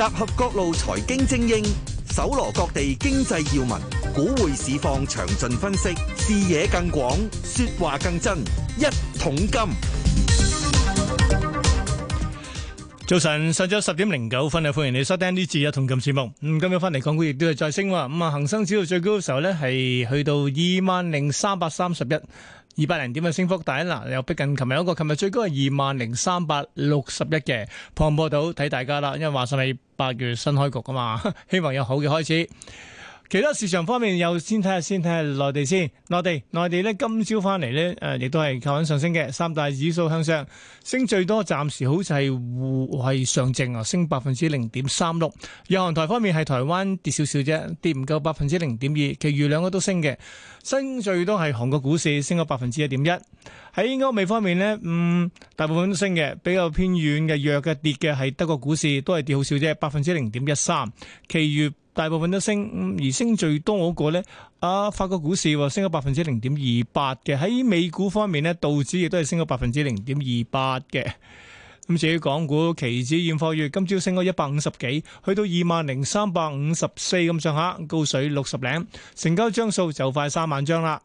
集合各路財經精英，搜羅各地經濟要聞，股匯市況詳盡分析，視野更廣，說話更真，一桶金。早晨，上晝十點零九分啊！歡迎你收聽呢節一桶金節目。嗯，今日翻嚟港股亦都係再升喎。咁啊，恒生指數最高嘅時候呢，係去到二萬零三百三十一，二百零點嘅升幅大啦。又逼近，琴日有一個，琴日最高係二萬零三百六十一嘅。破唔破到睇大家啦。因為話晒係八月新開局啊嘛，希望有好嘅開始。其他市場方面又先睇下先睇下內地先內地內地呢，今朝翻嚟呢，誒亦都係靠緊上升嘅三大指數向上升最多暫時好似係滬係上證啊升百分之零點三六日韓台方面係台灣跌少少啫跌唔夠百分之零點二，其餘兩個都升嘅升最多係韓國股市升咗百分之一點一喺歐美方面呢，嗯大部分都升嘅比較偏遠嘅弱嘅跌嘅係德國股市都係跌好少啫百分之零點一三其餘。大部分都升，而升最多嗰個呢，啊法國股市升咗百分之零點二八嘅。喺美股方面呢，道指亦都係升咗百分之零點二八嘅。咁至於港股期指現貨月，今朝升咗一百五十幾，去到二萬零三百五十四咁上下，高水六十零，成交張數就快三萬張啦。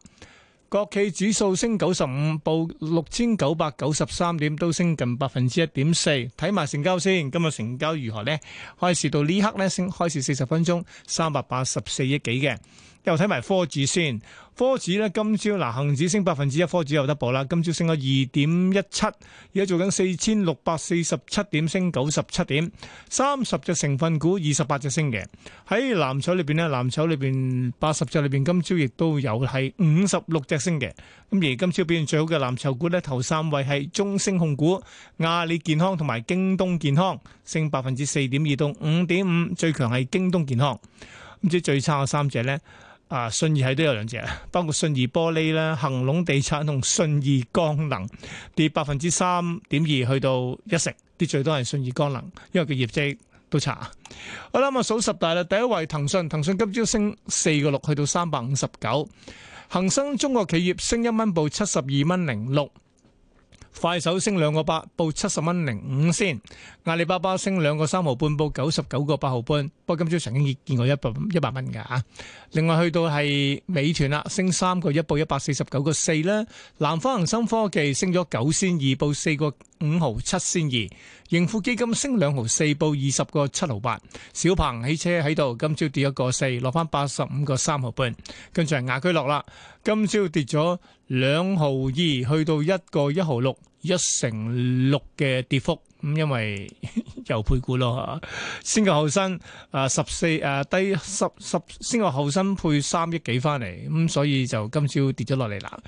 國企指數升九十五，報六千九百九十三點，都升近百分之一點四。睇埋成交先，今日成交如何呢？開市到呢刻呢，先開市四十分鐘，三百八十四億幾嘅。又睇埋科指先。科指呢今朝嗱，恒指升百分之一，科指又得補啦。今朝升咗二點一七，而家做緊四千六百四十七點，升九十七點，三十隻成分股，二十八隻升嘅。喺藍籌裏邊呢，藍籌裏邊八十隻裏邊，今朝亦都有係五十六隻升嘅。咁而今朝表現最好嘅藍籌股呢，頭三位係中升控股、阿里健康同埋京東健康，升百分之四點二到五點五，-5 .5%，最強係京東健康。咁至於最差嘅三隻呢？啊！信義係都有兩隻，包括信義玻璃咧、恒隆地產同信義光能跌百分之三點二，去到一成，跌最多係信義光能，因為佢業績都差。好啦，咁數十大啦，第一位騰訊，騰訊今朝升四個六，去到三百五十九。恒生中國企業升一蚊，報七十二蚊零六。快手升兩個八，報七十蚊零五先；阿里巴巴升兩個三毫半，報九十九個八毫半。不過今朝曾經見過一百一百蚊嘅吓。另外去到係美團啦，升三個一，報一百四十九個四啦。南方恒生科技升咗九仙二，報四個五毫七仙二。盈富基金升兩毫四，報二十個七毫八。小鵬汽車喺度，今朝跌一個四，落返八十五個三毫半。跟住係雅居樂啦，今朝跌咗兩毫二，去到一個一毫六，一成六嘅跌幅。咁因為又配股咯，先個後生，啊十四，誒低十十，先個後生配三億幾翻嚟，咁、嗯、所以就今朝跌咗落嚟啦。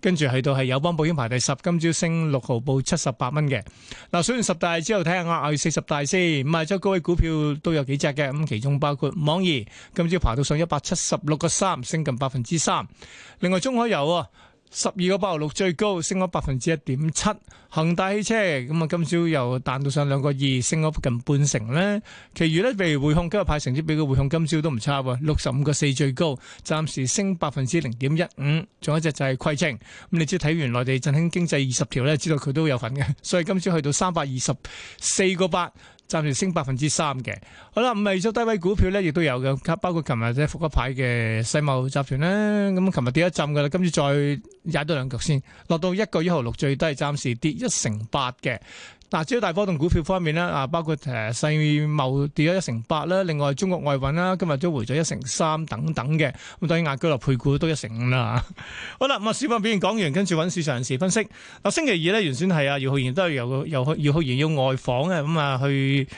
跟住去到係友邦保險排第十，今朝升六毫，報七十八蚊嘅。嗱，水完十大之後睇下額外四十大先，賣咗高位股票都有幾隻嘅，咁其中包括網易，今朝爬到上一百七十六個三，升近百分之三。另外中海油啊。十二個八毫六最高，升咗百分之一點七。恒大汽車咁啊，今朝又彈到上兩個二，升咗近半成咧。其餘咧，譬如匯控今日派成績俾佢，匯控今朝都唔差喎，六十五個四最高，暫時升百分之零點一五。仲有一隻就係規晶，咁你只要睇完內地振興經濟二十條咧，知道佢都有份嘅，所以今朝去到三百二十四個八。暫時升百分之三嘅，好啦，咁啊，一啲低位股票咧，亦都有嘅，包括琴日即係復一嘅世茂集團啦，咁琴日跌一浸噶啦，今次再踩多兩腳先，落到一個一毫六最低，暫時跌一成八嘅。嗱，至於大波動股票方面呢啊，包括誒、呃、世茂跌咗一成八啦，另外中國外運啦，今日都回咗一成三等等嘅。咁當然雅居樂配股都一成五啦。好啦，咁啊市況表現講完，跟住揾市場人士分析。嗱，星期二呢原先係啊姚浩然都係由由姚浩然要外訪嘅，咁、嗯、啊去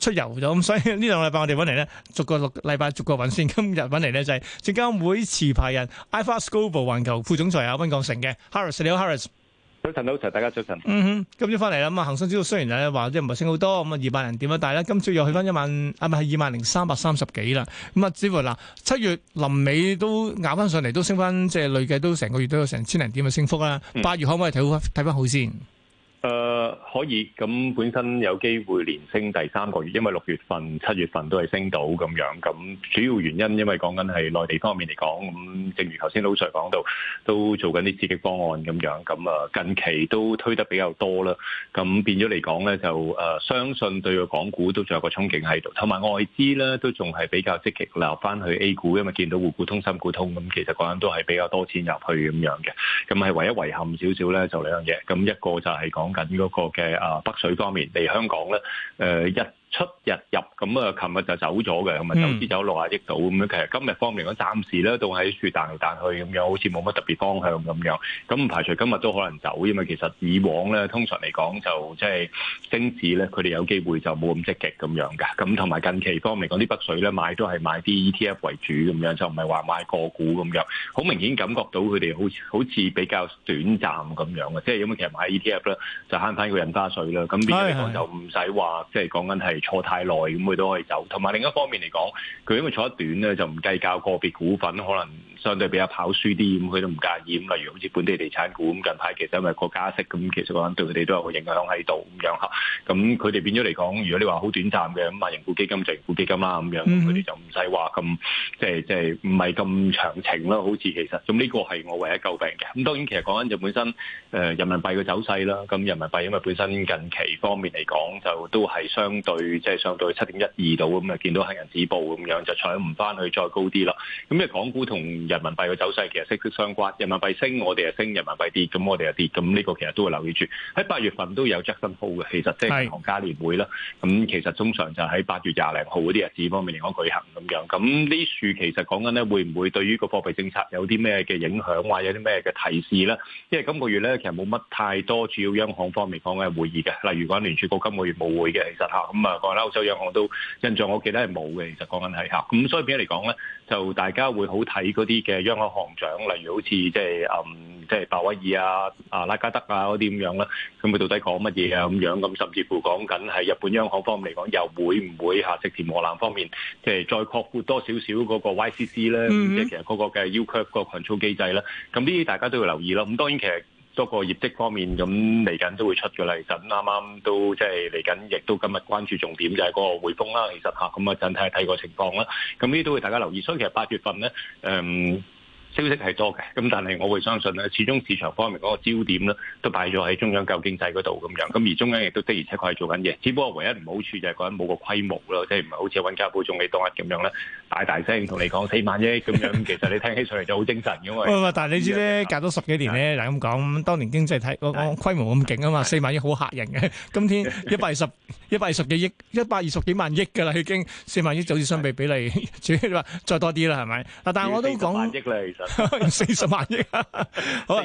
出遊咗。咁所以兩呢兩個禮拜我哋揾嚟呢逐個禮拜逐個揾先。今日揾嚟呢就係證監會持牌人 IFSC Global 環球副總裁啊温港成嘅 Harris，你好 Harris。早晨，早晨，大家早晨。嗯哼，今朝翻嚟啦，咁啊，恒生指數雖然咧話即唔係升好多，咁啊二百零點啊，但係咧今朝又去翻一萬，啊唔係二萬零三百三十幾啦。咁啊，指數嗱七月臨尾都咬翻上嚟，都升翻，即係累計都成個月都有成千零點嘅升幅啦、嗯。八月可唔可以睇到睇翻好先？呃可以咁本身有機會連升第三個月，因為六月份、七月份都係升到咁樣。咁主要原因因為講緊係內地方面嚟講，咁正如頭先老 Sir 講到，都做緊啲刺激方案咁樣。咁啊近期都推得比較多啦。咁變咗嚟講咧，就誒相信對個港股都仲有個憧憬喺度，同埋外資咧都仲係比較積極落翻去 A 股，因為見到滬股通、深股通咁，其實講緊都係比較多錢入去咁樣嘅。咁係唯一遺憾少少咧就兩樣嘢，咁一個就係講緊嗰。個嘅啊北水方面嚟香港咧，誒、呃、一。出日入咁啊！琴日就走咗嘅，咁啊走先走六十億到咁樣。其實今日方面講，暫時咧都喺處彈嚟彈去咁樣，好似冇乜特別方向咁樣。咁唔排除今日都可能走，因為其實以往咧通常嚟講就即係升市咧，佢哋有機會就冇咁積極咁樣嘅。咁同埋近期方面講啲北水咧買都係買啲 ETF 為主咁樣，就唔係話買個股咁樣。好明顯感覺到佢哋好好似比較短暫咁樣嘅，即係因為其實買 ETF 咧就慳翻個印花稅啦。咁另外嚟講就唔使話即係講緊係。坐太耐咁佢都可以走，同埋另一方面嚟講，佢因為坐得短咧，就唔計較個別股份可能相對比較跑輸啲，咁佢都唔介意。咁例如好似本地地產股咁，近排其實因為加息咁，其實可能對佢哋都有個影響喺度咁樣吓。咁佢哋變咗嚟講，如果你話好短暫嘅咁，萬盈，盈富基金，就盈富基金啦咁樣，佢哋就唔使話咁即係即係唔係咁長情啦。好似其實咁呢個係我唯一詬病嘅。咁當然其實講緊就本身誒人民幣嘅走勢啦。咁人民幣因為本身近期方面嚟講就都係相對。即係上到去七點一二度咁啊，見到黑人止步咁樣就搶唔翻去再高啲咯。咁啊，港股同人民幣嘅走勢其實息息相關，人民幣升我哋就升，人民幣跌咁我哋就跌。咁呢個其實都會留意住。喺八月份都有 Jackson Hole 嘅，其實即係銀行家聯會啦。咁其實通常就喺八月廿零號嗰啲日子方面嚟講舉行咁樣。咁呢樹其實講緊呢會唔會對於個貨幣政策有啲咩嘅影響，或者有啲咩嘅提示呢？因為今個月呢，其實冇乜太多，主要央行方面講緊嘅會議嘅。例如講聯儲局今個月冇會嘅，其實嚇咁啊。講啦，歐洲央行都印象我記得係冇嘅，其實講緊係嚇。咁所以點樣嚟講咧，就大家會好睇嗰啲嘅央行行長，例如好似即係誒，即係鮑、嗯、威爾啊、啊拉加德啊嗰啲咁樣啦。咁佢到底講乜嘢啊？咁樣咁，甚至乎講緊係日本央行方面嚟講，又會唔會嚇直填磨難方面，即係再擴闊多少少嗰個 YCC 咧，mm -hmm. 即係其實嗰個嘅 Yield Curve Control 機制咧。咁呢啲大家都要留意咯。咁當然其實。多個業績方面咁嚟緊都會出嘅嚟。咁啱啱都即係嚟緊，亦、就是、都今日關注重點就係嗰個匯豐啦。其實吓，咁啊，陣睇睇個情況啦。咁呢都會大家留意，所以其實八月份咧，誒、嗯、消息係多嘅。咁但係我會相信咧，始終市場方面嗰個焦點咧都擺咗喺中央救經濟嗰度咁樣。咁而中央亦都的而且確係做緊嘢，只不過唯一唔好處就係覺得冇個規模咯，即係唔係好似温家寶總理當日咁樣咧。大大聲同你講四萬億咁樣，其實你聽起上嚟就好精神嘅嘛。唔係，但係你知咧，隔咗十幾年咧，就咁講，當年經濟睇個規模咁勁啊嘛，四萬億好吓人嘅。今天一百二十、一百二十幾億、一百二十幾萬億嘅啦，已經四萬億就好似相比比例，主要話再多啲啦，係咪？嗱，但係我都講，四萬億啦，其實四十萬億，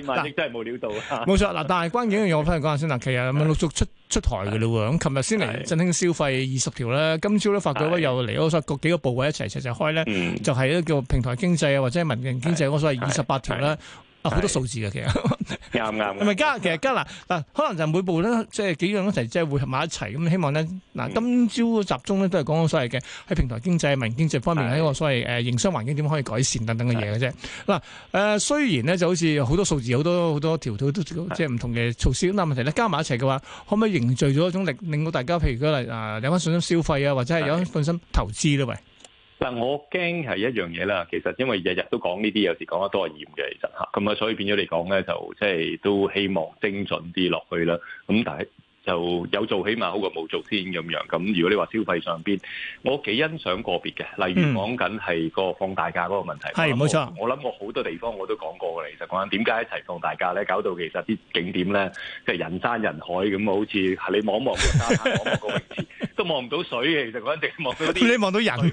四萬億真係冇料到啊。冇錯，嗱，但係關鍵嘅嘢我翻嚟講下先啦。其實陸續出？出台嘅咯喎，咁琴日先嚟振興消費二十條啦。今朝咧發覺咧又嚟咗所各幾個部委一齊一齊開咧、嗯，就係、是、咧叫平台經濟啊或者民營經濟，我所謂二十八條啦。好多數字嘅其實，啱啱，係咪加？其實加嗱嗱，可能就每部咧，即係幾樣一齊，即係會合埋一齊咁。希望咧，嗱、嗯，今朝集中咧都係講緊所謂嘅喺平台經濟、民營經濟方面喺個所謂誒營商環境點可以改善等等嘅嘢嘅啫。嗱，誒、呃，雖然咧就好似好多數字、好多好多條條都即係唔同嘅措施，嗱，但問題咧加埋一齊嘅話，可唔可以凝聚咗一種力，令到大家譬如嗰嚟啊有翻信心消費啊，或者係有翻信心投資咧？喂！但我驚係一樣嘢啦，其實因為日日都講呢啲，有時講得多係厭嘅，其實嚇，咁啊，所以變咗嚟講咧，就即係都希望精準啲落去啦。咁但係，就有做，起碼好過冇做先咁樣。咁如果你話消費上邊，我幾欣賞個別嘅，例如講緊係個放大假嗰個問題。係，冇錯。我諗我好多地方我都講過嘅，其實講緊點解一齊放大假咧，搞到其實啲景點咧，即係人山人海咁啊，好似係你望一望個山，望一望個泳池，都望唔到水嘅。其實嗰陣地望到啲你望到人，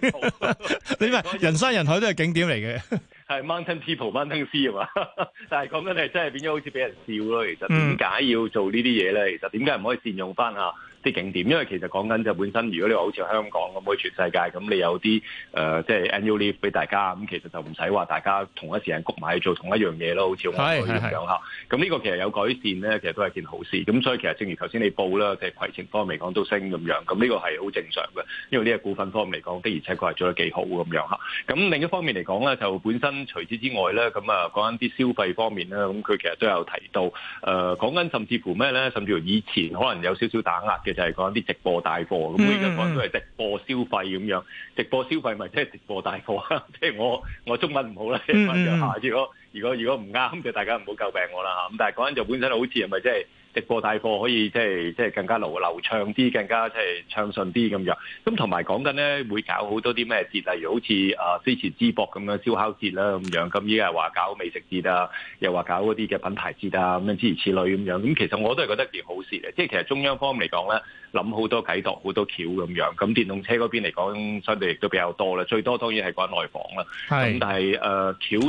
你唔係人山人海都係景點嚟嘅。係 Mountain People Mountain Sea 啊嘛，但係講緊你係真係變咗好似俾人笑咯。其實點解要做呢啲嘢咧？其實點解唔可以善用翻啊？啲景點，因為其實講緊就本身，如果你話好似香港咁以全世界，咁你有啲誒，即、呃、係、就是、annual leave 俾大家，咁其實就唔使話大家同一時間焗埋去做同一樣嘢咯。好似我咁樣。咁呢個其實有改善咧，其實都係件好事。咁所以其實正如頭先你報啦，即係攜程方面嚟講都升咁樣。咁呢個係好正常嘅，因為呢個股份方面嚟講的而且確係做得幾好咁樣。咁另一方面嚟講咧，就本身除此之外咧，咁啊講緊啲消費方面咧，咁佢其實都有提到誒，講、呃、緊甚至乎咩咧，甚至乎以前可能有少少打壓嘅。就係講啲直播帶貨咁，而家講都係直播消費咁樣，直播消費咪即係直播帶貨啊！即 係我我中文唔好啦，嚇、就下次！如果如果如果唔啱就大家唔好詬病我啦嚇！咁但係講緊就本身好似係咪即係？直播帶貨可以即係即係更加流流暢啲，更加即係暢順啲咁樣。咁同埋講緊咧，會搞好多啲咩節，例如好似啊飛馳淄博咁樣燒烤節啦咁樣。咁依家係話搞美食節啊，又話搞嗰啲嘅品牌節啊咁樣，諸如此類咁樣。咁其實我都係覺得件好事嚟。即係其實中央方面嚟講咧，諗好多計度好多橋咁樣。咁電動車嗰邊嚟講，相對亦都比較多啦。最多當然係講內房啦。咁，但係誒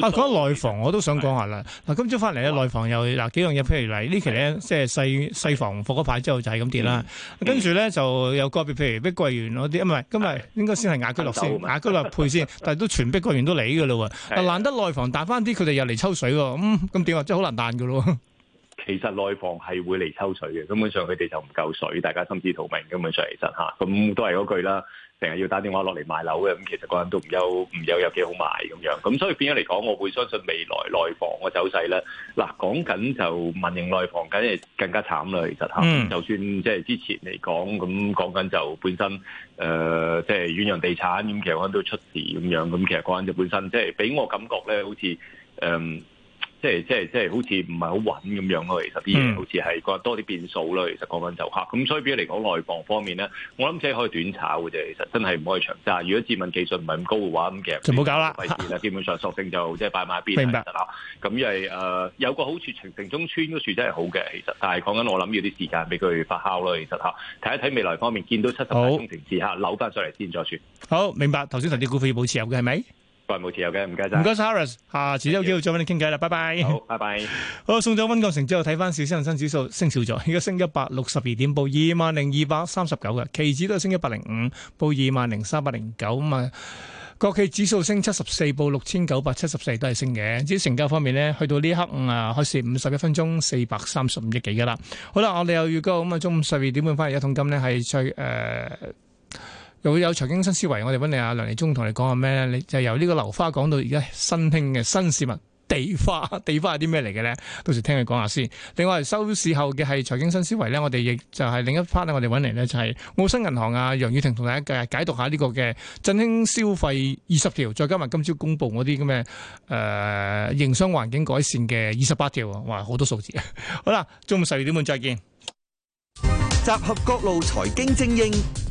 橋。啊，講內房、啊、我都想講下啦。嗱、啊，今朝翻嚟咧，內房有嗱幾樣嘢，譬如嚟呢期咧，即係。細細房復牌之後就係咁跌啦、嗯，跟住咧就有個別譬如碧桂園嗰啲，唔係今日應該先係雅居樂先，雅居樂配先，但係都全碧桂園都嚟理嘅、嗯、但難得內房彈翻啲，佢哋又嚟抽水喎，咁咁點啊？真係好難彈嘅咯。其實內房係會嚟抽水嘅，根本上佢哋就唔夠水，大家心知肚明。根本上其實吓，咁、啊、都係嗰句啦。成日要打電話落嚟賣樓嘅，咁其實個人都唔有唔有有幾好賣咁樣，咁所以變咗嚟講，我會相信未來內房嘅走勢咧。嗱，講緊就民營內房，梗係更加慘啦，其實嚇。就算即係之前嚟講，咁講緊就本身，誒、呃，即係遠洋地產咁，其實個人都出事咁樣，咁其實個人就本身即係俾我感覺咧，好似誒。呃即係即係即係好似唔係好穩咁樣咯，其實啲嘢好似係個多啲變數咯。其實講緊就嚇咁，所以嚟講內房方面咧，我諗只可以短炒嘅啫。其實真係唔可以長揸。如果自問技術唔係咁高嘅話，咁其實就唔好搞啦，費事啦。 基本上索性就即係擺埋一邊，明白。咁因為誒有個好處城中村嗰處真係好嘅，其實，但係講緊我諗要啲時間俾佢發酵咯。其實嚇睇一睇未來方面，見到七十個工程字嚇，扭翻上嚟先再算。好明白。頭先投資股票要保持有嘅係咪？財務自由嘅，唔該晒，唔該晒 Harris，下次有機會再搵你傾偈啦，拜拜，好，拜拜，好，送走温國成之後，睇翻市，恒生指數升少咗，而家升一百六十二點，報二萬零二百三十九嘅，期指都係升一百零五，報二萬零三百零九啊嘛，國企指數升七十四，報六千九百七十四，都係升嘅。至於成交方面呢，去到呢一刻啊、嗯，開始五十一分鐘四百三十五億幾噶啦。好啦，我哋又預告咁啊，中午十二點半翻嚟，一桶金呢係最誒。呃又會有財經新思維，我哋揾你阿、啊、梁利忠同你講下咩咧？你就由呢個樓花講到而家新興嘅新事物地花，地花係啲咩嚟嘅咧？到時聽佢講下先。另外收市後嘅係財經新思維咧，我哋亦就係另一 part 我哋揾嚟咧就係澳新銀行啊楊宇霆同大家解解讀下呢個嘅振興消費二十條，再加埋今朝公布嗰啲咁嘅誒營商環境改善嘅二十八條，哇好多數字 好啦，中午十二點半再見，集合各路財經精英。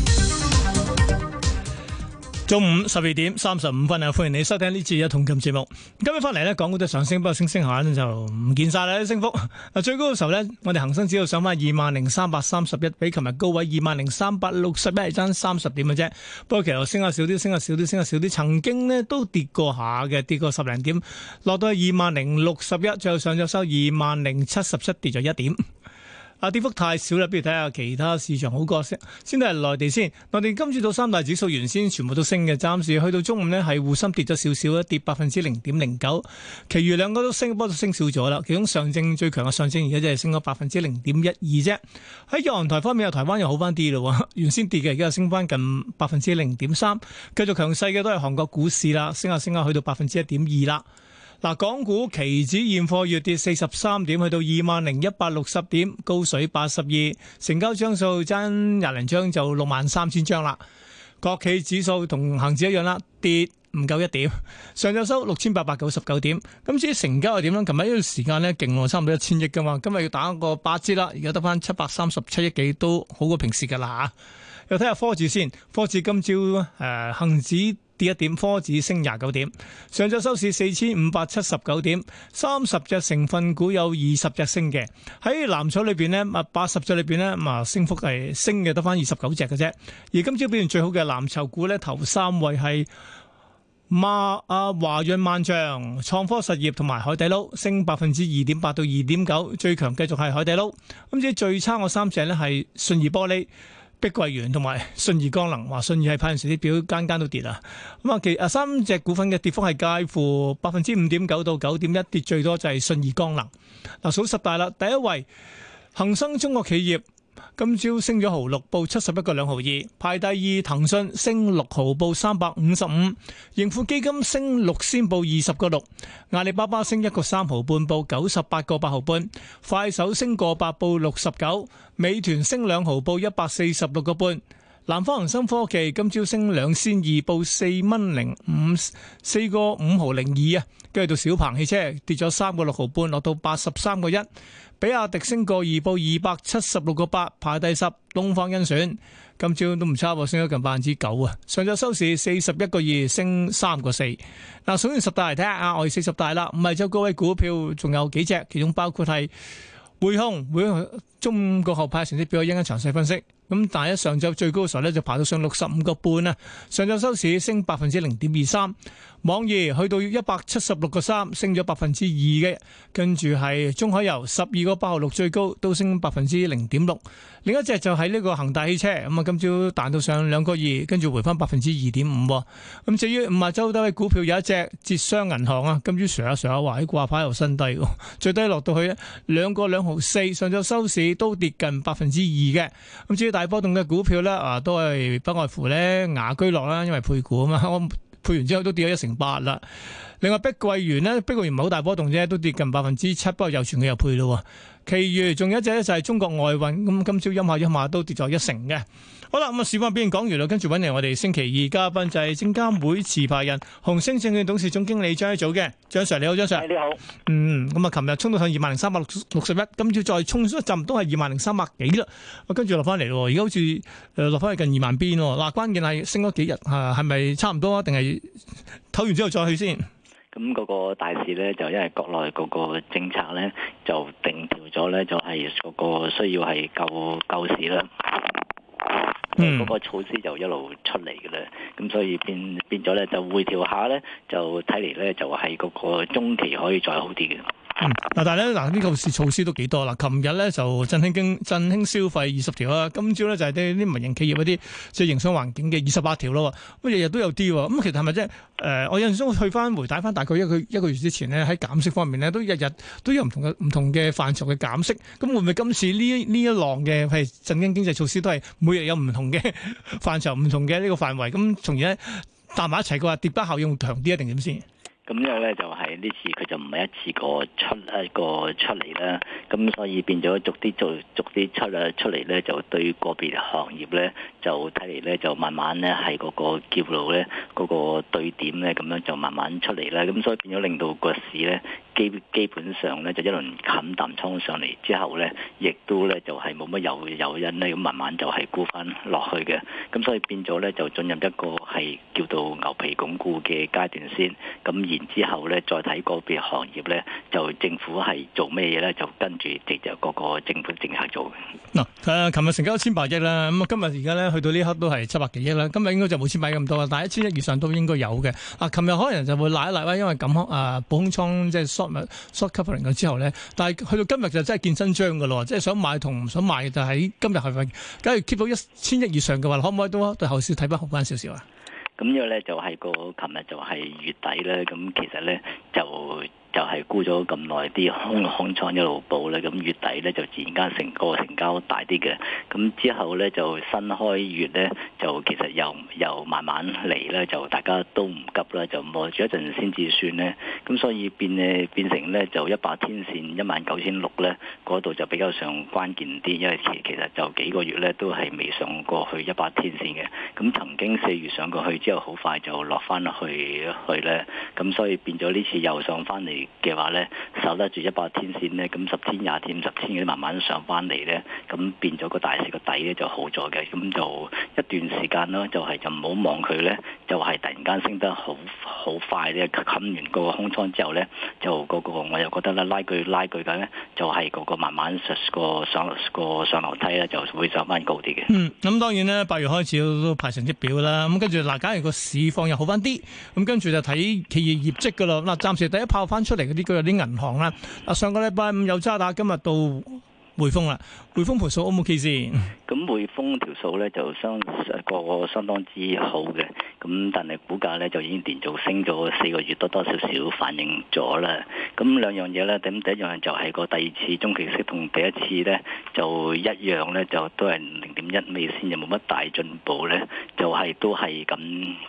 中午十二點三十五分啊，歡迎你收聽呢次嘅一桶金節目。今日翻嚟咧，港股都上升，不過升升下就唔見晒啦升幅。啊，最高嘅時候呢，我哋恒生指數上翻二萬零三百三十一，比琴日高位二萬零三百六十一，爭三十點嘅啫。不過其實升下少啲，升下少啲，升下少啲。曾經咧都跌過下嘅，跌過十零點，落到去二萬零六十一，最後上咗收二萬零七十七，跌咗一點。啊，跌幅太少啦，不如睇下其他市場好過先。先睇下內地先。內地今次到三大指數原先全部都升嘅，暫時去到中午呢，係滬深跌咗少少，跌百分之零點零九，其餘兩個都升，不過都升少咗啦。其中上證最強嘅，上證而家即係升咗百分之零點一二啫。喺日韓台方面，台灣又好翻啲咯，原先跌嘅而家升翻近百分之零點三，繼續強勢嘅都係韓國股市啦，升下升下去到百分之一點二啦。嗱，港股期指現貨月跌四十三點，去到二萬零一百六十點，高水八十二，成交張數增廿零張就六萬三千張啦。國企指數同恒指一樣啦，跌唔夠一點。上晝收六千八百九十九點，咁至於成交係點咧？琴日呢段時間咧，勁喎，差唔多一千億噶嘛，今日要打個八折啦，而家得翻七百三十七億幾都好過平時噶啦嚇。又睇下科指先，科指今朝誒、呃、恆指。跌一點，科指升廿九點，上晝收市四千五百七十九點，三十隻成分股有二十隻升嘅，喺藍籌裏面咧，八十隻裏面呢，啊升幅係升嘅得翻二十九隻嘅啫，而今朝表現最好嘅藍籌股呢，頭三位係馬阿、啊、華潤萬象、創科實業同埋海底撈，升百分之二點八到二點九，最強繼續係海底撈，咁至最差嗰三隻呢，係信義玻璃，碧桂園同埋信義光能，話信義係派陣時啲表間間都跌啊，咁啊其啊三隻股份嘅跌幅係介乎百分之五點九到九點一，跌最多就係信義光能。嗱，數十大啦，第一位恒生中國企業。今朝升咗毫六，報七十一個兩毫二，排第二。騰訊升六毫，報三百五十五。盈富基金升六仙，報二十個六。阿里巴巴升一個三毫半，報九十八個八毫半。快手升個八，報六十九。美團升兩毫，報一百四十六個半。南方恒生科技今朝升兩仙二，報四蚊零五四個五毫零二啊！跟住到小鵬汽車跌咗三個六毫半，落到八十三個一。比亞迪升個二，報二百七十六個八，排第十。東方欣選今朝都唔差喎，升咗近百分之九啊！上晝收市四十一個二，升三個四。嗱，數完十大嚟睇下啊，我哋四十大啦，唔係周高位股票，仲有幾隻？其中包括係匯控。匯控、中國後派，成績表，我一陣間詳細分析。咁但係一上晝最高嘅時候咧，就爬到上六十五個半啦。上晝收市升百分之零點二三，網易去到一百七十六個三，升咗百分之二嘅。跟住係中海油十二個八毫六最高，都升百分之零點六。另一隻就喺呢個恒大汽車，咁啊今朝彈到上兩個二，跟住回翻百分之二點五。咁至於五啊周低嘅股票有一隻浙商銀行啊，今朝上一上下話係掛牌又新低，最低落到去咧兩個兩毫四，上咗收市都跌近百分之二嘅。咁至於大波動嘅股票呢，啊都係不外乎呢雅居樂啦，因為配股啊嘛，我配完之後都跌咗一成八啦。另外碧桂園呢，碧桂園唔係好大波動啫，都跌近百分之七，不過又傳佢又配喎。其餘仲有一隻咧就係中國外運咁，今朝音下音下都跌咗一成嘅。好啦，咁啊，轉翻邊講完啦，跟住搵嚟我哋星期二嘉賓就係證監會持牌人、紅星證券董事總經理張一組嘅張 Sir，你好，張 Sir。Hey, 你好。嗯，咁啊，琴日衝到去二萬零三百六六十一，今朝再衝一陣都係二萬零三百幾啦。跟住，呃、落翻嚟咯，而家好似誒落翻去近二萬邊喎。嗱，關鍵係升咗幾日吓，係咪差唔多啊？定係唞完之後再去先？咁、那、嗰個大市咧，就因為國內嗰個政策咧，就定調咗咧，就係嗰個需要係救救市啦。嗰、嗯、個措施就一路出嚟嘅啦。咁所以變變咗咧，就回調下咧，就睇嚟咧，就係嗰個中期可以再好啲嘅。嗯，嗱，但係咧，嗱，呢個措施都幾多啦。琴日咧就振興經振興消費二十條啦，今朝咧就係啲啲民營企業一啲即係營商環境嘅二十八條咯。咁日日都有啲，咁、嗯、其實係咪即係誒？我印象中去翻回睇翻，大概一個一個月之前咧，喺減息方面咧，都日日都有唔同嘅唔同嘅範疇嘅減息。咁、嗯、會唔會今次呢呢一浪嘅係振興經濟措施都係每日有唔同嘅範疇、唔同嘅呢個範圍？咁、嗯、從而咧搭埋一齊嘅話，疊加效應強啲定點先？咁呢個咧就係呢次佢就唔係一次過出一個出嚟啦，咁所以變咗逐啲逐啲出啊出嚟咧就對個別行業咧就睇嚟咧就慢慢咧係嗰個揭露咧嗰個對點咧咁樣就慢慢出嚟啦，咁所以變咗令到個市咧。基本上咧就一輪冚淡倉上嚟之後咧，亦都咧就係冇乜有誘因咧，咁慢慢就係沽翻落去嘅。咁所以變咗咧就進入一個係叫做牛皮鞏固嘅階段先。咁然之後咧再睇個別行業咧，就政府係做咩嘢咧，就跟住直係個個政府政策做。嗱、啊、誒，琴、啊、日成交千百億啦，咁、嗯、啊今日而家咧去到呢刻都係七百幾億啦，今日應該就冇千百咁多啦，但係一千億以上都應該有嘅。啊，琴日可能就會瀨一瀨啦，因為咁空啊，補空倉即係 short covering 咗之後咧，但係去到今日就真係見真章噶咯喎，即係想買同唔想買就喺今日。係咪假如 keep 到一千億以上嘅話，可唔可以都對後市睇翻好翻少少啊？咁樣咧就係個，琴日就係月底咧，咁其實咧就。就係、是、沽咗咁耐啲空空倉一路保呢，咁月底呢就自然間成個成交大啲嘅。咁之後呢，就新開月呢，就其實又又慢慢嚟呢就大家都唔急啦，就望住一陣先至算呢，咁所以變，變成呢，就一百天線一萬九千六呢嗰度就比較上關鍵啲，因為其實就幾個月呢都係未上過去一百天線嘅。咁曾經四月上過去之後，好快就落翻落去去呢。咁所以變咗呢次又上返嚟。嘅話咧，守得住一百天線咧，咁十天廿天十天嗰啲慢慢上翻嚟咧，咁變咗個大市個底咧就好咗嘅，咁就一段時間咯，就係、是、就唔好望佢咧，就係、是、突然間升得好好快咧，冚完個空倉之後咧，就、那個個我又覺得咧拉佢，拉佢緊咧，就係、是、個個慢慢上個上個上樓梯咧，就會走翻高啲嘅。嗯，咁當然咧八月開始都派成績表啦，咁跟住嗱，假如個市況又好翻啲，咁跟住就睇企業業績噶咯，嗱暫時第一炮翻。出嚟嗰啲，佢有啲銀行啦。啊，上個禮拜五又渣打，今日到，匯豐啦，匯豐盤數 O 唔 OK 先？咁匯豐條數咧就相個相當之好嘅，咁但係股價咧就已經連續升咗四個月，多多少少反映咗啦。咁兩樣嘢咧，點第一樣就係個第二次中期息同第一次咧就一樣咧，就都係零點一美仙，就冇乜大進步咧，就係、是、都係咁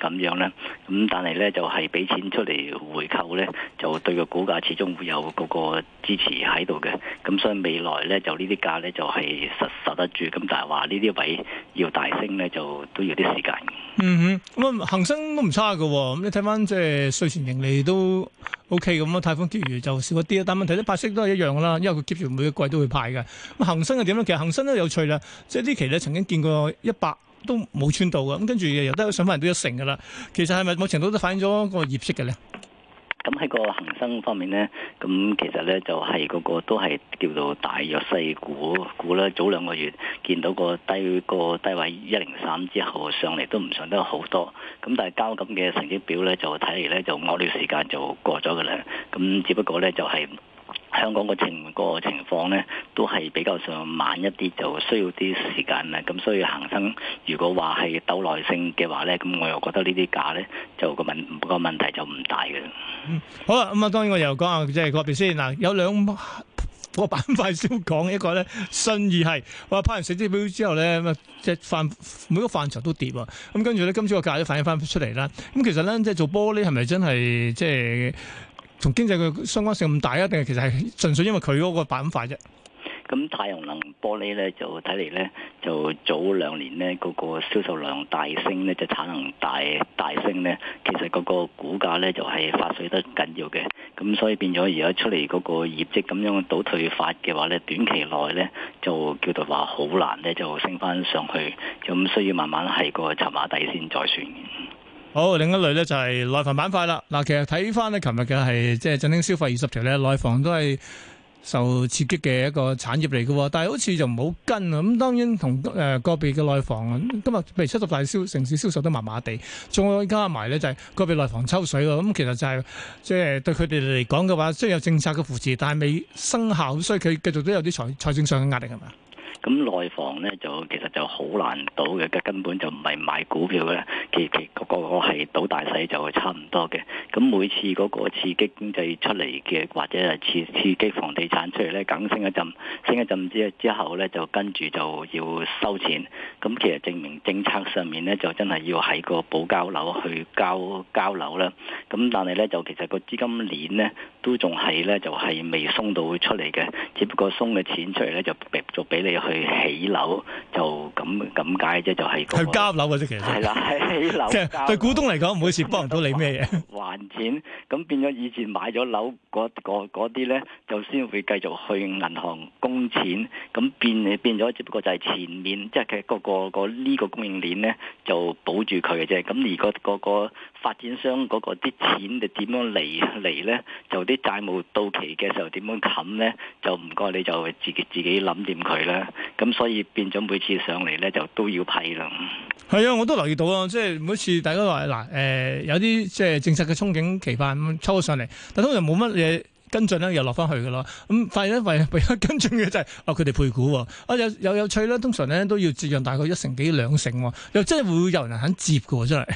咁樣啦。咁但係咧就係、是、俾錢出嚟回購咧，就對個股價始終會有嗰個支持喺度嘅。咁所以未來咧就呢啲價咧就係實實得住，咁但係話呢啲位要大升咧，就都要啲時間。嗯哼，咁恆生都唔差嘅，咁你睇翻即係稅前盈利都 O K 咁啊。泰豐結餘就少一啲，但係問題啲派息都係一樣嘅啦，因為佢結餘每一個季都會派嘅。咁恒生係點咧？其實恒生都有趣啦，即係呢期咧曾經見過一百都冇穿到嘅，咁跟住又都上翻都一成嘅啦。其實係咪某程度都反映咗個業績嘅咧？咁喺個恆生方面呢，咁其實呢就係嗰個都係叫做大約細股估啦。早兩個月見到個低、個低位一零三之後上嚟都唔上得好多。咁但係交緊嘅成績表呢，就睇嚟呢就惡劣時間就過咗㗎啦。咁只不過呢就係、是。香港個情個情況咧，都係比較上慢一啲，就需要啲時間啦。咁所以恒生，如果話係鬥耐性嘅話咧，咁我又覺得呢啲價咧，就個問個問題就唔大嘅。嗯，好啦，咁啊，當然我又講下，即係個別先嗱，有兩個板塊先講，一個咧信義係話拍完四支表之後咧，咁啊即係每個範疇都跌啊。咁跟住咧，今朝個價都反映翻出嚟啦。咁其實咧，即係做玻璃係咪真係即係？同經濟嘅相關性咁大啊？定係其實係純粹因為佢嗰個板塊啫。咁太陽能玻璃咧，就睇嚟咧，就早兩年咧嗰個銷售量大升咧，就產能大大升咧，其實嗰個股價咧就係發水得緊要嘅。咁所以變咗而家出嚟嗰個業績咁樣倒退法嘅話咧，短期內咧就叫做話好難咧，就升翻上去，咁需要慢慢係個籌碼底先再算。好，另一類咧就係內房板塊啦。嗱，其實睇翻咧，琴日嘅係即係振興消費二十條咧，內房都係受刺激嘅一個產業嚟喎。但係好似就唔好跟啊。咁當然同誒個別嘅內房，今日譬如七十大銷城市銷售都麻麻地，仲加埋咧就係個別內房抽水喎。咁其實就係即係對佢哋嚟講嘅話，雖然有政策嘅扶持，但係未生效，所以佢繼續都有啲財財政上嘅壓力，係咁內房咧就其實就好難倒嘅，根本就唔係買股票嘅，其其個個係賭大細就差唔多嘅。咁每次嗰個刺激經濟出嚟嘅，或者係刺刺激房地產出嚟咧，梗升一陣，升一陣之之後咧，就跟住就要收錢。咁其實證明政策上面咧，就真係要喺個保交樓去交交樓啦。咁但係咧，就其實個資金鏈咧都仲係咧，就係未鬆到出嚟嘅，只不過鬆嘅錢出嚟咧就就俾你去。去起樓就咁咁解啫，就係去交樓嘅啫，其實係啦，係起樓。即、就是那個就是、對股東嚟講，唔好意思幫唔到你咩嘢。還錢咁變咗，以前買咗樓。嗰啲咧就先會繼續去銀行供錢，咁變變咗，只不過就係前面，即係佢個、嗰個個呢個供應鏈咧就保住佢嘅啫。咁、嗰、而個個、嗰個發展商嗰個啲錢就點樣嚟嚟咧？就啲債務到期嘅時候點樣冚咧？就唔該，你就自己自己諗掂佢啦。咁所以變咗每次上嚟咧就都要批啦。係啊，我都留意到啊。即係每次大家話嗱誒有啲即係正實嘅憧憬期盼抽上嚟，但通常冇乜。嘅跟進咧又落翻去噶咯，咁發現一發現，為咗跟進嘅就係、是、啊，佢哋配股喎，啊有又有趣啦，通常咧都要折讓大概一成幾兩成喎，又真係會有人肯接嘅真係。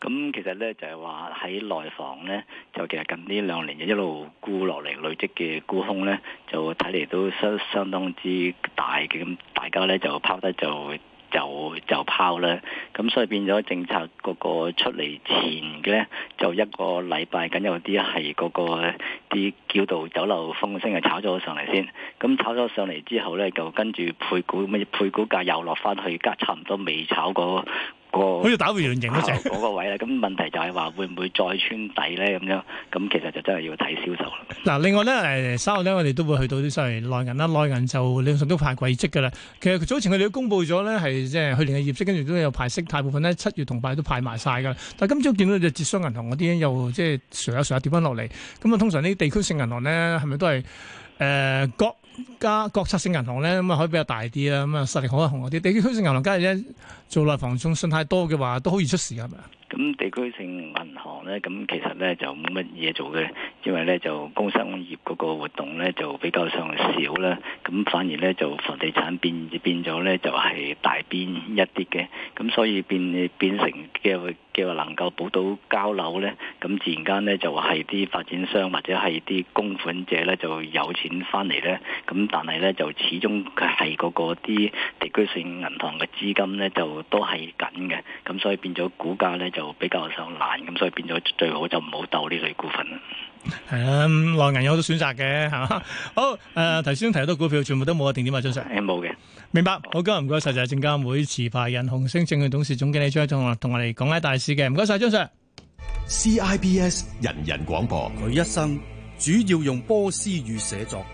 咁其實咧就係話喺內房咧，就其實近呢兩年就一路沽落嚟累積嘅沽空咧，就睇嚟都相相當之大嘅，咁大家咧就拋得就。就就拋啦，咁所以變咗政策嗰個出嚟前嘅呢，就一個禮拜，那個，僅有啲係嗰個啲叫做走漏風聲係炒咗上嚟先，咁炒咗上嚟之後呢，就跟住配股乜嘢配股價又落翻去，而家差唔多未炒過。好似打回原形嗰隻嗰個位啦，咁問題就係話會唔會再穿底咧？咁樣咁其實就真係要睇銷售啦。嗱，另外咧誒，稍後咧我哋都會去到啲所謂內銀啦，內銀就理論上都派季績噶啦。其實早前佢哋都公布咗咧，係即係去年嘅業績，跟住都有派息，大部分咧七月同八月都派埋曬噶。但係今朝見到就浙商銀行嗰啲又即係成日成日跌翻落嚟。咁啊，通常啲地區性銀行咧係咪都係誒各？家國策性銀行咧，咁啊，可以比較大啲啦，咁啊實力可以紅啲。地區性銀行梗係咧做內房中信太多嘅話，都好易出事噶嘛。咁地區性銀行咧，咁其實咧就冇乜嘢做嘅，因為咧就工商業嗰個活動咧就比較上少啦，咁反而咧就房地產變變咗咧就係、是、大邊一啲嘅，咁所以變變成機即話能夠補到交樓呢，咁自然間呢就係啲發展商或者係啲供款者呢就有錢返嚟呢。咁但係呢就始終佢係嗰個啲地區性銀行嘅資金呢就都係緊嘅，咁所以變咗股價呢就比較上難，咁所以變咗最好就唔好鬥呢類股份啦。係啊，內銀有好多選擇嘅嚇，好誒，頭、呃、先提到股票，全部都冇定點話準嘅，冇嘅。明白，好，今日唔該晒，謝謝，就係證監會持牌人、紅星證券董事總經理張一中同我哋講下大事嘅。唔該晒，張 sir。CIBS 人人廣播。佢一生主要用波斯語寫作，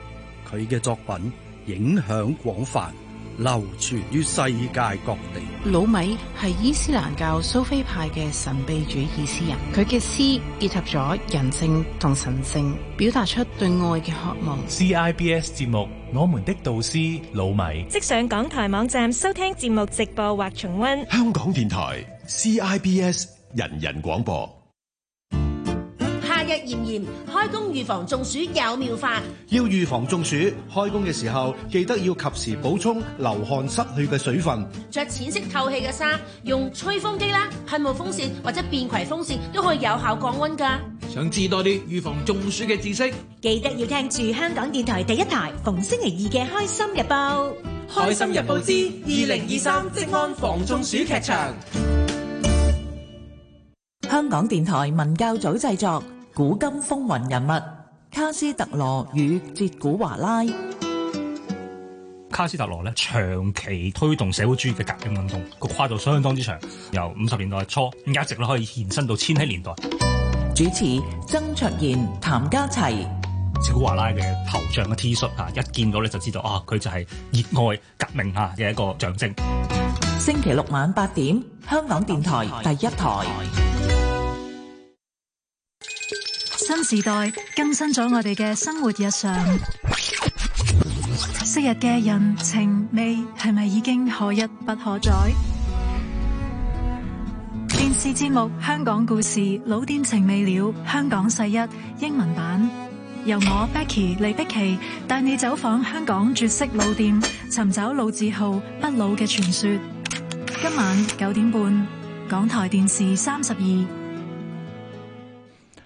佢嘅作品影響廣泛，流傳於世界各地。老米係伊斯蘭教蘇菲派嘅神秘主義詩人，佢嘅詩結合咗人性同神聖，表達出對愛嘅渴望。CIBS 節目。我們的導師老米，即上港台網站收聽節目直播或重溫。香港電台 CIBS 人人廣播。夏日炎炎，開工預防中暑有妙法。要預防中暑，開工嘅時候記得要及時補充流汗失去嘅水分。着淺色透氣嘅衫，用吹風機啦、噴霧風扇或者便攜風扇都可以有效降溫㗎。想知多啲預防中暑嘅知識，記得要聽住香港電台第一台逢星期二嘅《開心日報》。開心日報之二零二三即安防中暑劇場。香港電台文教組製作《古今風雲人物》卡斯特羅與哲古華拉。卡斯特羅咧，長期推動社會主義嘅革命運動，個跨度相當之長，由五十年代初一直咧，可以延伸到千禧年代。主持曾卓然、譚家齊，小華拉嘅頭像嘅 T 恤啊，一見到咧就知道啊，佢就係熱愛革命啊嘅一個象徵。星期六晚八點，香港電台第一台。新時代更新咗我哋嘅生活日常， 昔日嘅人情味係咪已經可一不可再？節目《香港故事》老店情未了，香港世一英文版，由我 Becky 黎碧琪帶你走訪香港絕色老店，尋找老字號不老嘅傳說。今晚九點半，港台電視三十二。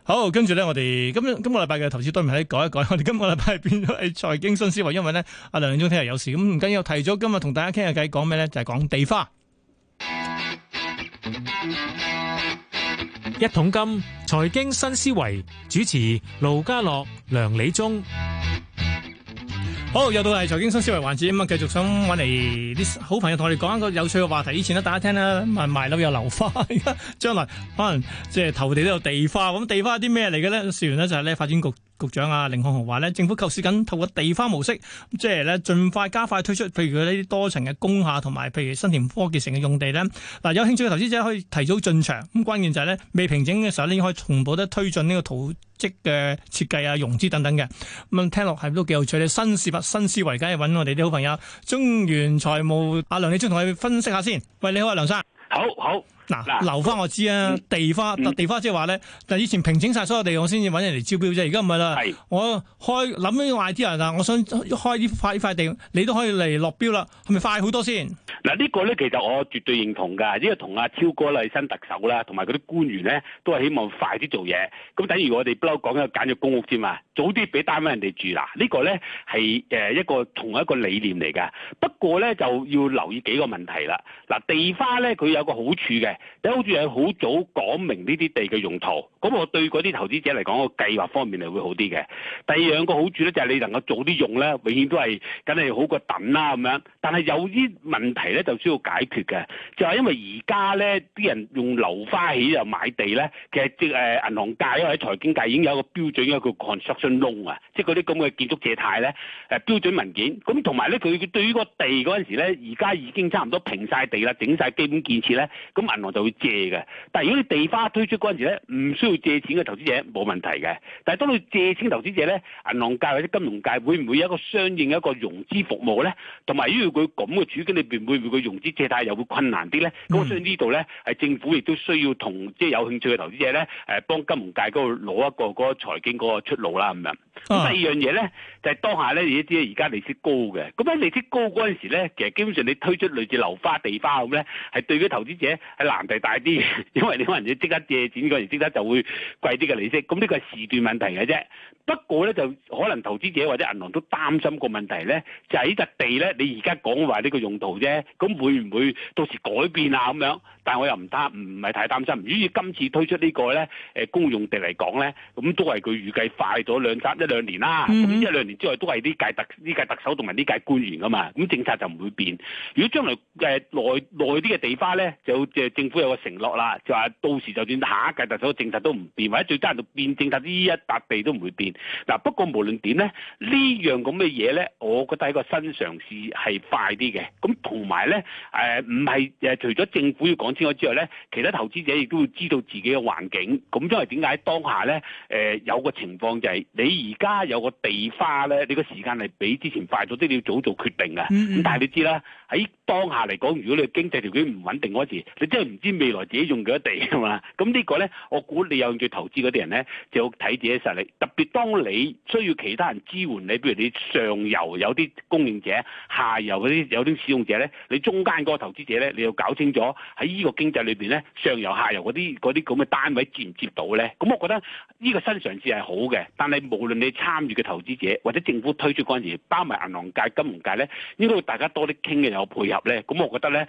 好，跟住呢，我哋今今個禮拜嘅投資堆唔喺改一改，我哋今個禮拜變咗係財經新思維，因為呢，阿梁振中聽日有事，咁唔緊要，提早今日同大家傾下偈講咩呢？就係、是、講地花。 一桶金財經新思維主持盧家樂、梁李忠。好又到係財經新思維環節咁啊！繼續想揾嚟啲好朋友同我哋講一個有趣嘅話題。以前咧大家聽啦，賣樓有樓花，而家將來可能即係投地都有地花。咁地花啲咩嚟嘅咧？事緣，咧就係咧發展局。局長啊，甯漢豪話咧，政府構思緊透過地花模式，即係咧盡快加快推出，譬如呢啲多層嘅工廈，同埋譬如新田科技城嘅用地咧。嗱、啊，有興趣嘅投資者可以提早進場。咁關鍵就係咧，未平整嘅時候你可以重步得推進呢個圖則嘅設計啊、融資等等嘅。咁、啊、聽落係都幾有趣。新事物、新思維，梗係揾我哋啲好朋友中原財務阿、啊、梁，你將同佢分析下先。喂，你好啊，梁生。好好。嗱，留翻我知啊、嗯！地花，嗯、地花即係話咧，以前平整晒所有地，我先至揾人嚟招標啫。而家唔係啦，我開諗呢個 idea 啦，我想開呢塊呢塊地，你都可以嚟落標啦，係咪快好多先？嗱，呢個咧其實我絕對認同噶，呢個同阿超哥啦、新特首啦，同埋嗰啲官員咧，都係希望快啲做嘢。咁等於我哋不嬲講緊簡約公屋啫嘛，早啲俾單位人哋住啦呢、呢個咧係誒一個同一個理念嚟㗎。不過咧就要留意幾個問題啦。嗱，地花咧佢有個好處嘅。第一個好處係好早講明呢啲地嘅用途，咁我對嗰啲投資者嚟講，個計劃方面係會好啲嘅。第二樣個好處咧，就係你能夠早啲用咧，永遠都係梗係好過等啦咁樣。但係有啲問題咧，就需要解決嘅。就係、是、因為而家咧，啲人用樓花起又買地咧，其實即係銀行界，因為喺財經界已經有一個標準一個叫 construction loan 啊，即係嗰啲咁嘅建築借貸咧，誒標準文件。咁同埋咧，佢對於個地嗰陣時咧，而家已經差唔多平晒地啦，整晒基本建設咧，咁銀。我就會借嘅，但係如果地花推出嗰陣時咧，唔需要借錢嘅投資者冇問題嘅。但係當你借錢投資者咧，銀行界或者金融界會唔會有一個相應嘅一個融資服務咧？同埋呢個佢咁嘅主金裏邊會唔會佢融資借貸又會困難啲咧？咁我相信呢度咧係政府亦都需要同即係有興趣嘅投資者咧，誒、啊、幫金融界嗰度攞一個嗰個財經個出路啦咁樣。Uh. 咁第二樣嘢咧就係當下咧你都知而家利息高嘅，咁樣利息高嗰陣時咧，其實基本上你推出類似樓花、地花咁咧，係對啲投資者係問題大啲，因為你話你即刻借錢嗰時即刻就會貴啲嘅利息，咁呢個係時段問題嘅啫。不過咧就可能投資者或者銀行都擔心個問題咧，就係呢笪地咧，你而家講話呢個用途啫，咁會唔會到時改變啊咁樣？但係我又唔擔，唔係太擔心。如果今次推出呢、呢個咧，誒公用地嚟講咧，咁都係佢預計快咗兩三一兩年啦。咁、mm -hmm. 一兩年之外都係呢屆特呢屆特首同埋呢屆官員㗎嘛，咁政策就唔會變。如果將來誒、呃、內內啲嘅地花咧，就即係政政府有個承諾啦，就話到時就算下一屆特首政策都唔變，或者最低限度變政策，呢一笪地都唔會變。嗱，不過無論點咧，呢樣咁嘅嘢咧，我覺得係個新嘗試係快啲嘅。咁同埋咧，誒唔係誒除咗政府要講清楚之外咧，其他投資者亦都要知道自己嘅環境。咁因為點解喺當下咧，誒有個情況就係你而家有個地花咧，你個時間係比之前快咗啲，你要早做決定嘅。咁但係你知啦，喺當下嚟講，如果你嘅經濟條件唔穩定嗰時，你真係唔知道未來自己用幾多地㗎嘛？咁呢個呢，我估你有興趣投資嗰啲人呢，就要睇自己實力。特別當你需要其他人支援你，譬如你上游有啲供應者，下游嗰啲有啲使用者呢，你中間嗰個投資者呢，你要搞清楚喺呢個經濟裏面呢，上游、下游嗰啲嗰啲咁嘅單位接唔接到呢。咁我覺得呢個新嘗試係好嘅，但係無論你參與嘅投資者或者政府推出嗰陣時，包埋銀行界、金融界呢，應該會大家多啲傾嘅有配合。咁，我覺得咧，誒、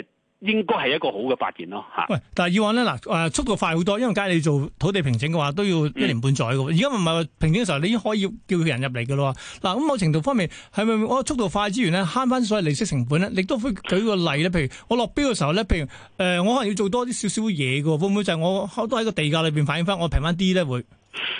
呃、應該係一個好嘅發展咯吓喂，但係要話咧，嗱、呃，速度快好多，因為梗係你做土地平整嘅話，都要一年半載喎。而家唔係平整嘅時候，你已經可以叫人入嚟嘅咯。嗱、呃，咁某程度方面係咪我速度快之餘咧，慳翻所有利息成本咧？亦都可以舉個例咧，譬如我落標嘅時候咧，譬如、呃、我可能要做多啲少少嘢嘅，會唔會就係我都喺個地價裏面反映翻，我平翻啲咧會？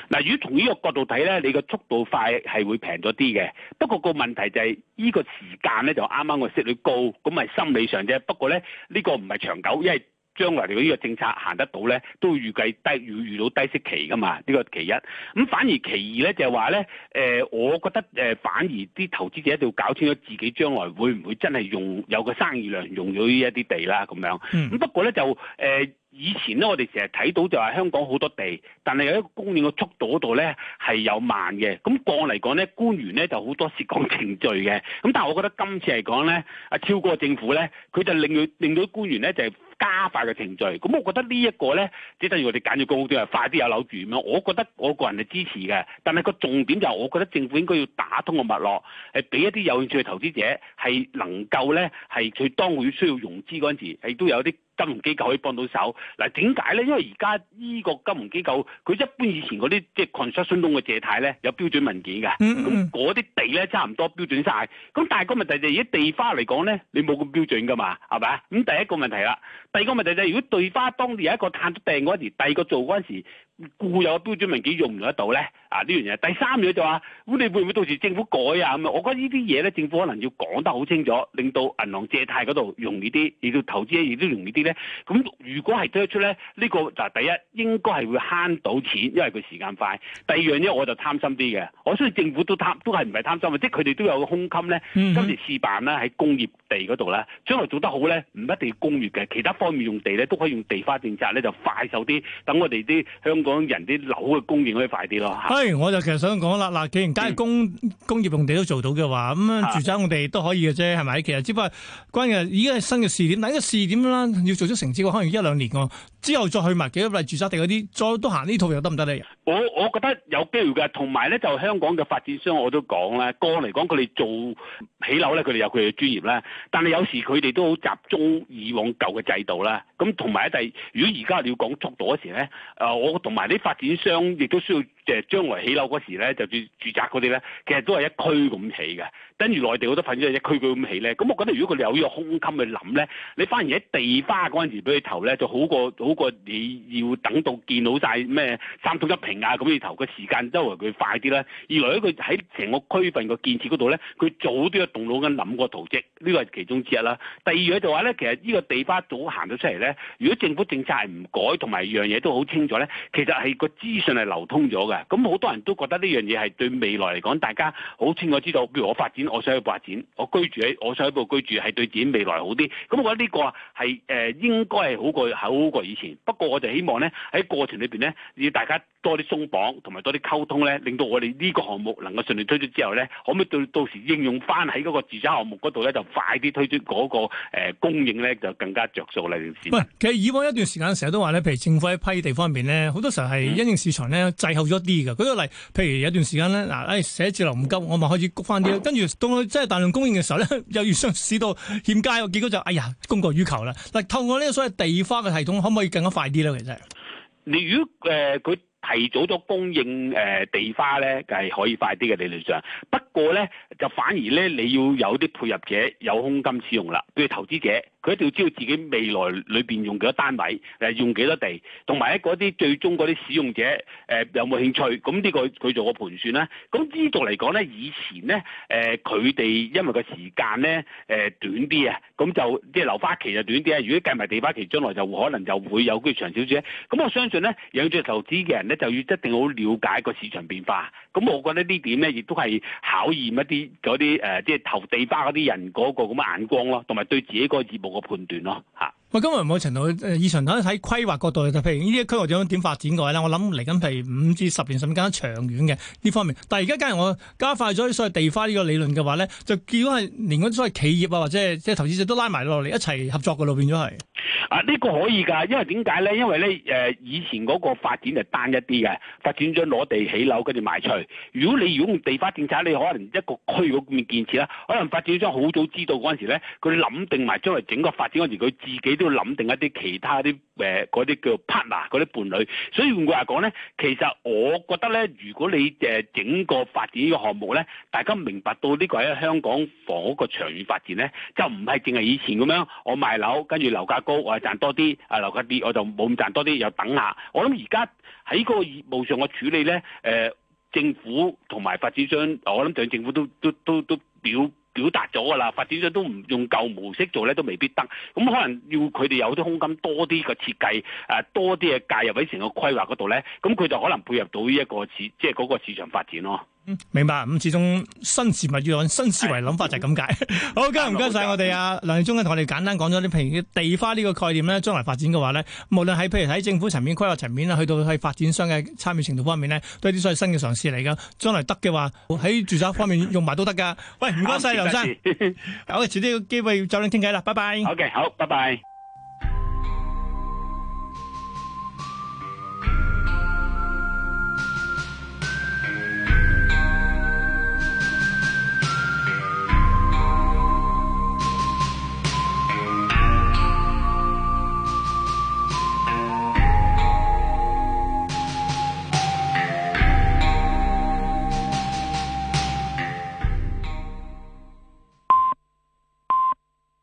嗱，如果從呢個角度睇咧，你個速度快係會平咗啲嘅。不過個問題就係、是、呢、這個時間咧，就啱啱個息率高，咁係心理上啫。不過咧，呢、這個唔係長久，因為將來如果呢個政策行得到咧，都預計低會遇到低息期噶嘛。呢、這個其一，咁反而其二咧就係話咧，誒、呃，我覺得誒，反而啲投資者一定要搞清楚自己將來會唔會真係用有個生意量用咗呢一啲地啦咁樣。咁、嗯、不過咧就誒。呃以前咧，我哋成日睇到就係香港好多地，但係有一個供應嘅速度嗰度咧係有慢嘅。咁過嚟講咧，官員咧就好多時講程序嘅。咁但係我覺得今次嚟講咧，啊超過政府咧，佢就令到令到啲官員咧就係、是、加快個程序。咁我覺得呢一個咧，即等於我哋揀住供屋區，快啲有樓住咁樣，我覺得我個人係支持嘅。但係個重點就係我覺得政府應該要打通個脈絡，係俾一啲有興趣嘅投資者係能夠咧係佢當會需要融資嗰陣時，係都有啲。金融機構可以幫到手，嗱，點解咧？因為而家呢個金融機構，佢一般以前嗰啲即係 construction loan 嘅借貸咧，有標準文件嘅，咁嗰啲地咧差唔多標準晒。咁但係個問題就係，如果地花嚟講咧，你冇咁標準噶嘛，係咪啊？咁第一個問題啦，第二個問題就係，如果對花當年有一個探定嗰陣時候，第二個做嗰陣時候。固有嘅標準物件用唔用得到咧啊！呢樣嘢第三樣就話，咁你會唔會到時政府改啊？咁啊，我覺得呢啲嘢咧，政府可能要講得好清楚，令到銀行借貸嗰度容易啲，亦都投資亦都容易啲咧。咁如果係推出咧，呢、這個嗱第一應該係會慳到錢，因為佢時間快。第二樣嘢我就貪心啲嘅，我相信政府都貪都係唔係貪心嘅，即係佢哋都有個胸襟咧。今次試辦啦，喺工業地嗰度咧，將來做得好咧，唔一定工業嘅，其他方面用地咧都可以用地花政策咧就快手啲。等我哋啲香港。講人啲樓嘅供應可以快啲咯嚇，係我就其實想講啦嗱，既然街工、嗯、工業用地都做到嘅話，咁、嗯、住宅用地都可以嘅啫，係咪、啊？其實只不過關鍵而家係新嘅試點，第一試點啦，要做咗成績可能一兩年喎，之後再去埋幾粒住宅地嗰啲，再都行呢套又得唔得咧？我我覺得有機會㗎，同埋咧就香港嘅發展商我都講啦，過嚟講佢哋做起樓咧，佢哋有佢哋嘅專業啦，但係有時佢哋都好集中以往舊嘅制度啦，咁同埋咧第，如果而家你要講速度嗰時咧，誒、呃、我同埋啲發展商亦都需要。即係將來起樓嗰時咧，就住住宅嗰啲咧，其實都係一區咁起嘅。跟住內地好多份咗係一區咁起咧。咁我覺得如果佢有呢個胸襟去諗咧，你反而喺地花嗰陣時俾你投咧，就好過好過你要等到見到晒咩三通一平啊，咁你投嘅時間，周圍佢快啲啦。二來咧，佢喺成個區份個建設嗰度咧，佢早都有動腦筋諗過途徑，呢個係其中之一啦。第二樣就話咧，其實呢個地花早行咗出嚟咧，如果政府政策係唔改，同埋樣嘢都好清楚咧，其實係個資訊係流通咗嘅。咁好多人都覺得呢樣嘢係對未來嚟講，大家好清楚知道，譬如我發展，我想去發展，我居住喺，我想喺度居住係對自己未來好啲。咁我覺得呢個係誒、呃、應該係好過好，好過以前。不過我就希望呢，喺過程裏面呢，要大家。多啲鬆綁，同埋多啲溝通咧，令到我哋呢個項目能夠順利推出之後咧，可唔可以到到時應用翻喺嗰個住宅項目嗰度咧，就快啲推出嗰、嗰個、呃、供應咧，就更加著數啦。唔係，其實以往一段時間成日都話咧，譬如政府喺批地方面咧，好多時候係因應市場咧滯後咗啲㗎。舉個例，譬如有段時間咧，嗱、哎，誒寫字樓唔夠，我咪開始谷翻啲，跟住到我真係大量供應嘅時候咧，又要上市到欠佳，結果就哎呀供過於求啦。嗱，透過呢個所謂地花嘅系統，可唔可以更加快啲咧？其實，你如果誒佢。呃提早咗供應誒、呃、地花咧，就係可以快啲嘅，理論上，不過咧就反而咧你要有啲配入者有空金使用啦，譬如投資者。佢一定要知道自己未來裏邊用幾多單位，誒用幾多地，同埋喺嗰啲最終嗰啲使用者誒、呃、有冇興趣？咁呢個佢做個盤算啦。咁資族嚟講咧，以前咧誒佢哋因為個時間咧誒短啲啊，咁就即係留花期就短啲啊。如果計埋地花期，將來就可能就會有啲長少少。咁我相信咧，養著投資嘅人咧，就要一定好了解個市場變化。咁我覺得點呢點咧，亦都係考驗一啲嗰啲誒，即係投地花嗰啲人嗰個咁嘅眼光咯，同埋對自己個業務個判斷咯，嚇。喂，今日唔好陳老，以陳老睇規劃角度，就譬如呢啲區或者點發展嘅咧，我諗嚟緊係五至十年甚至更長遠嘅呢方面。但係而家加入我加快咗所謂地花呢個理論嘅話咧，就結果係連嗰所謂企業啊或者係即係投資者都拉埋落嚟一齊合作嘅咯，變咗係。啊，呢、這個可以㗎，因為點解咧？因為咧誒、呃，以前嗰個發展係單一啲嘅，發展商攞地起樓跟住賣出。如果你如果用地花政策，你可能一個區嗰邊建設咧，可能發展商好早知道嗰陣時咧，佢諗定埋將來整個發展嗰陣時佢自己，都要諗定一啲其他啲誒嗰啲叫 partner 嗰啲伴侶，所以換句話講咧，其實我覺得咧，如果你誒、呃、整個發展呢個項目咧，大家明白到呢個喺香港房屋個長遠發展咧，就唔係淨係以前咁樣，我賣樓跟住樓價高，我賺多啲；啊樓價跌，我就冇咁賺多啲，又等下。我諗而家喺嗰個業務上嘅處理咧，誒、呃、政府同埋發展商，我諗對政府都都都都表。表達咗㗎啦，發展商都唔用舊模式做咧，都未必得。咁、嗯、可能要佢哋有啲空間多啲嘅設計，誒，多啲嘅、啊、介入喺成個規劃嗰度咧，咁、嗯、佢就可能配合到呢、這、一個市，即係嗰個市場發展咯。明白。咁始終新事物要按新思維諗法就係咁解。哎、 好，今日唔該晒我哋啊。梁志忠嘅，同我哋簡單講咗啲譬如地花呢個概念咧，將來發展嘅話咧，無論喺譬如喺政府層面規劃層面啦，去到喺發展商嘅參與程度方面咧，都係啲所謂新嘅嘗試嚟噶。將來得嘅話，喺住宅方面用埋都得噶。 喂，唔該晒梁生。好，遲啲個機會再你傾偈啦，拜拜。好嘅，好，拜拜。